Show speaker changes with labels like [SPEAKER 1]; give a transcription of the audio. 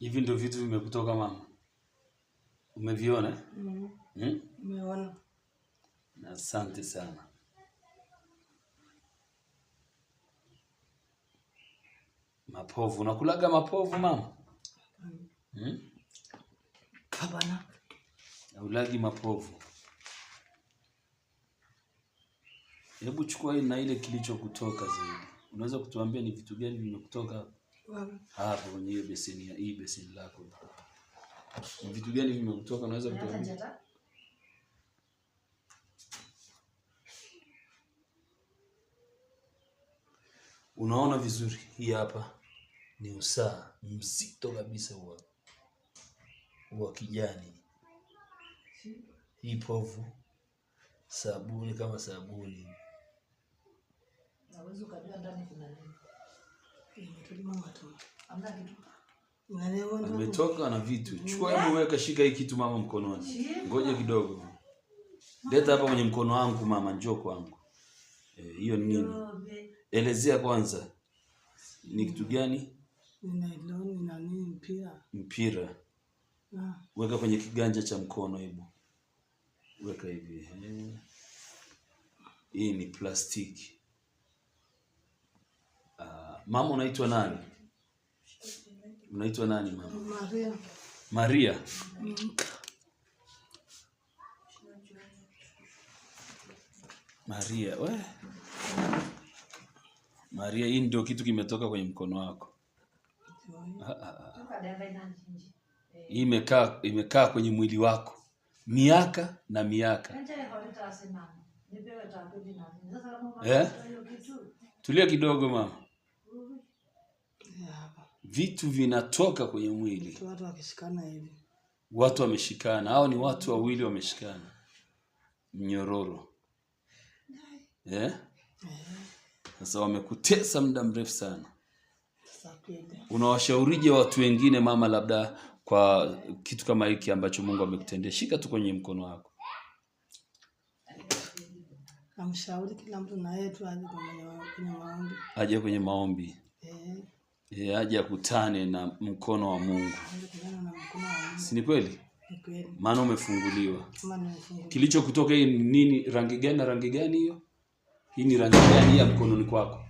[SPEAKER 1] Hivi ndio vitu vimekutoka mama, umeviona? mm. hmm? Umeona. Asante sana. Mapovu, unakulaga mapovu mama? Mm-hmm. hmm? Kabana. Ulagi mapovu. Hebu chukua hii na ile kilichokutoka zaidi. Unaweza kutuambia ni vitu gani vimekutoka? hapo kwenye beseni ya hii beseni lako. Vitu gani vimekutoka? Unaweza kutuambia? Unaona vizuri, hii hapa ni usaa mzito kabisa wa wa kijani, hii povu sabuni kama sabuni,
[SPEAKER 2] naweza ukajua ndani kuna nini.
[SPEAKER 1] Ametoka na vitu. Chukua hebu weka, shika hii kitu mama mkononi. Ngoja kidogo. Leta hapa kwenye mkono wangu mama, njoo kwangu. Eh, hiyo e, ni nini? Elezea kwanza. Ni kitu gani?
[SPEAKER 2] Mpira.
[SPEAKER 1] Mpira. Weka kwenye kiganja cha mkono hebu. Weka hivi. Eh. Hii ni plastiki. Mama unaitwa nani? Unaitwa nani mama? Maria. Maria. Maria, we. Maria, hii ndio kitu kimetoka kwenye mkono wako. Hii imekaa imekaa kwenye mwili wako miaka na miaka. Yeah? Tulia kidogo mama vitu vinatoka kwenye mwili.
[SPEAKER 2] Watu wakishikana hivi,
[SPEAKER 1] watu wameshikana, hao ni watu wawili wameshikana, mnyororo yeah? Sasa wamekutesa muda mrefu sana, unawashaurije watu wengine mama, labda kwa kitu kama hiki ambacho Mungu amekutendea? Shika tu kwenye mkono wako.
[SPEAKER 2] Namshauri kila mtu na yeye tu aje kwenye maombi,
[SPEAKER 1] aje kwenye maombi yeye eh, aje akutane na mkono wa Mungu. Si ni kweli? Maana umefunguliwa. Kilichokutoka hii ni nini? Rangi gani na rangi gani hiyo? Hii ni rangi gani ya mkononi kwako?